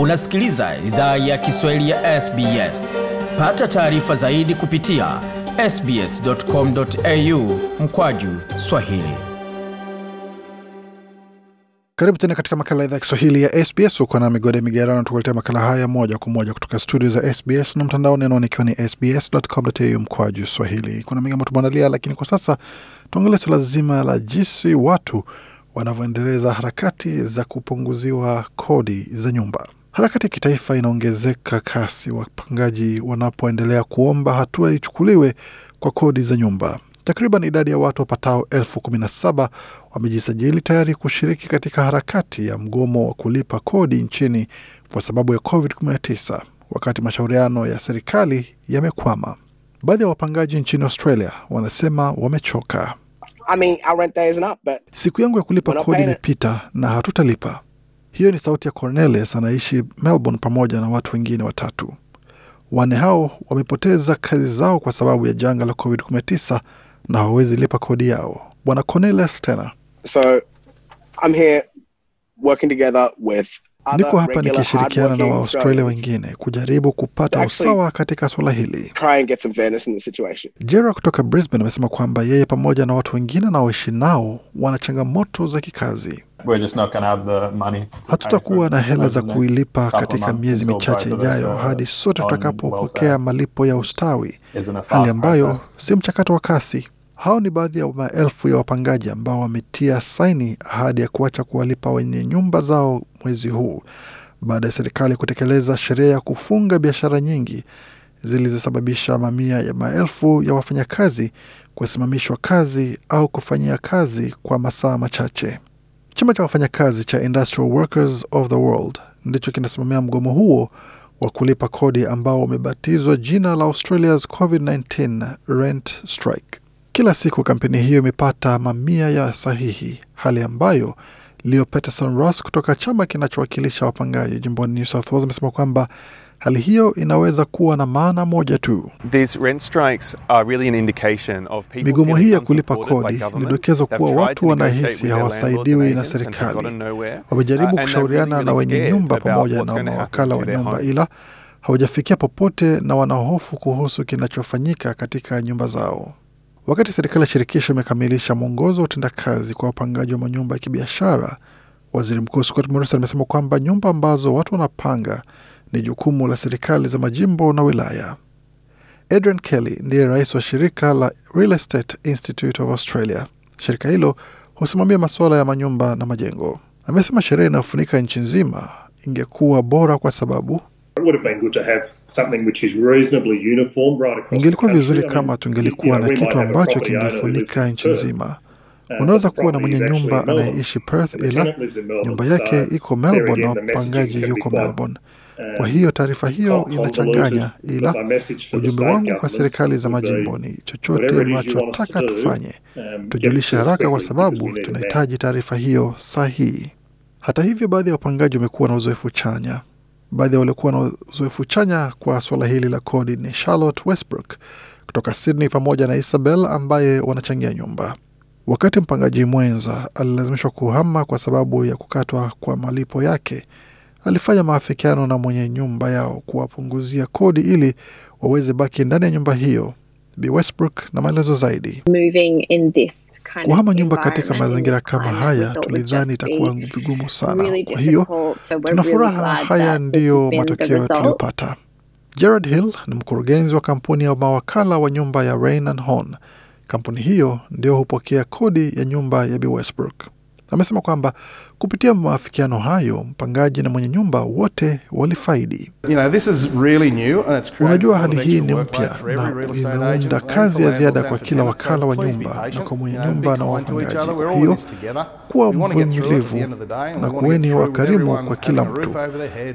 Unasikiliza idhaa ya Kiswahili ya SBS. Pata taarifa zaidi kupitia sbs.com.au mkwaju swahili. Karibu tena katika makala idhaa ya Kiswahili ya SBS. huko na migode migerano, tukuletea makala haya moja kwa moja kutoka studio za SBS na mtandaoni, anwani ikiwa ni sbs.com.au mkwaju swahili. Kuna mengi ambayo tumeandalia, lakini kwa sasa tuangalie suala zima la jinsi watu wanavyoendeleza harakati za kupunguziwa kodi za nyumba. Harakati ya kitaifa inaongezeka kasi, wapangaji wanapoendelea kuomba hatua ichukuliwe kwa kodi za nyumba. Takriban idadi ya watu wapatao elfu kumi na saba wamejisajili tayari kushiriki katika harakati ya mgomo wa kulipa kodi nchini kwa sababu ya COVID-19 wakati mashauriano ya serikali yamekwama. Baadhi ya wapangaji nchini Australia wanasema wamechoka. I mean, but... siku yangu ya kulipa kodi imepita na hatutalipa hiyo ni sauti ya Cornelius anaishi Melbourne pamoja na watu wengine watatu. Wanne hao wamepoteza kazi zao kwa sababu ya janga la COVID-19 na hawawezi lipa kodi yao. Bwana Cornelius tena, so, I'm here working together with niko hapa nikishirikiana na Waaustralia wengine kujaribu kupata usawa katika suala hili. Jera kutoka Brisbane amesema kwamba yeye pamoja na watu wengine anaoishi nao wana changamoto za kikazi hatutakuwa na hela za kuilipa katika miezi michache ijayo hadi sote tutakapopokea malipo ya ustawi, hali ambayo si mchakato wa kasi. Hao ni baadhi ya maelfu ya wapangaji ambao wametia saini ahadi ya kuacha kuwalipa wenye nyumba zao mwezi huu baada ya serikali kutekeleza sheria ya kufunga biashara nyingi zilizosababisha mamia ya maelfu ya wafanyakazi kusimamishwa kazi au kufanyia kazi kwa masaa machache. Chama cha wafanyakazi cha Industrial Workers of the World ndicho kinasimamia mgomo huo wa kulipa kodi ambao umebatizwa jina la Australia's COVID-19 Rent Strike. Kila siku kampeni hiyo imepata mamia ya sahihi, hali ambayo Leo Peterson Ross kutoka chama kinachowakilisha wapangaji jimboni New South Wales amesema kwamba Hali hiyo inaweza kuwa na maana moja tu. Really migomo hii ya kulipa kodi ni dokezo kuwa watu wanahisi hawasaidiwi na serikali. Wamejaribu uh, kushauriana na wenye nyumba pamoja na mawakala wa nyumba, ila hawajafikia popote na wanahofu kuhusu kinachofanyika katika nyumba zao. Wakati serikali ya shirikisho imekamilisha mwongozo wa utendakazi kwa wapangaji wa manyumba ya kibiashara, waziri mkuu Scott Morrison amesema kwamba nyumba ambazo watu wanapanga ni jukumu la serikali za majimbo na wilaya. Adrian Kelly ndiye rais wa shirika la Real Estate Institute of Australia. Shirika hilo husimamia masuala ya manyumba na majengo. Amesema sherehe inayofunika nchi nzima ingekuwa bora kwa sababu Right, ingelikuwa vizuri kama tungelikuwa na kitu ambacho kingefunika nchi nzima. Unaweza kuwa na mwenye nyumba anayeishi Perth, ila nyumba yake iko Melbourne na wapangaji yuko Melbourne. Eh, kwa hiyo taarifa hiyo inachanganya, ila ujumbe wangu kwa serikali za majimbo ni chochote mnachotaka tufanye, um, tujulishe haraka, kwa sababu tunahitaji taarifa hiyo sahihi. Hata hivyo, baadhi ya wapangaji wamekuwa na uzoefu chanya. Baadhi ya waliokuwa na uzoefu chanya kwa suala hili la kodi ni Charlotte Westbrook kutoka Sydney pamoja na Isabel ambaye wanachangia nyumba. Wakati mpangaji mwenza alilazimishwa kuhama kwa sababu ya kukatwa kwa malipo yake, alifanya maafikiano na mwenye nyumba yao kuwapunguzia kodi ili waweze baki ndani ya nyumba hiyo. Bi Westbrook na maelezo zaidi. Kuhama nyumba katika mazingira kama haya tulidhani itakuwa vigumu sana, kwa hiyo tuna furaha. Haya ndiyo matokeo tuliyopata. Gerard Hill ni mkurugenzi wa kampuni ya mawakala wa nyumba ya Rain and Horn. Kampuni hiyo ndiyo hupokea kodi ya nyumba ya Bi Westbrook amesema kwamba kupitia maafikiano hayo mpangaji na mwenye nyumba wote walifaidi. You know, this is really new and it's unajua, hali hii ni mpya na imeunda kazi ya ziada kwa kila wakala wa nyumba na kwa mwenye nyumba na wapangaji. Kwa hiyo kuwa mvumilivu na kuweni wa karimu kwa kila mtu.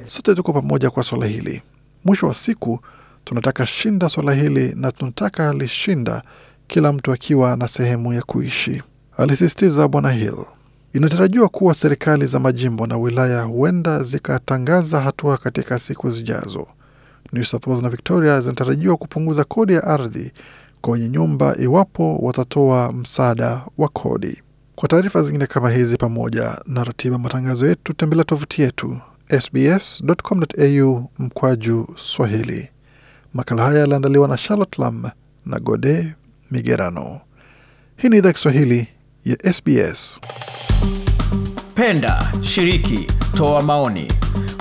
Sote tuko pamoja kwa swala hili. Mwisho wa siku tunataka shinda swala hili na tunataka lishinda, kila mtu akiwa na sehemu ya kuishi, alisisitiza Bwana Hill. Inatarajiwa kuwa serikali za majimbo na wilaya huenda zikatangaza hatua katika siku zijazo. New South Wales na Victoria zinatarajiwa kupunguza kodi ya ardhi kwa wenye nyumba iwapo watatoa msaada wa kodi. Kwa taarifa zingine kama hizi pamoja na ratiba matangazo yetu, tembelea tovuti yetu sbs.com.au mkwaju Swahili. Makala haya yaliandaliwa na Charlotte Lam na Gode Migerano. Hii ni idhaa Kiswahili ya SBS. Penda, shiriki, toa maoni.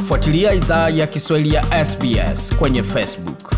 Fuatilia idhaa ya Kiswahili ya SBS kwenye Facebook.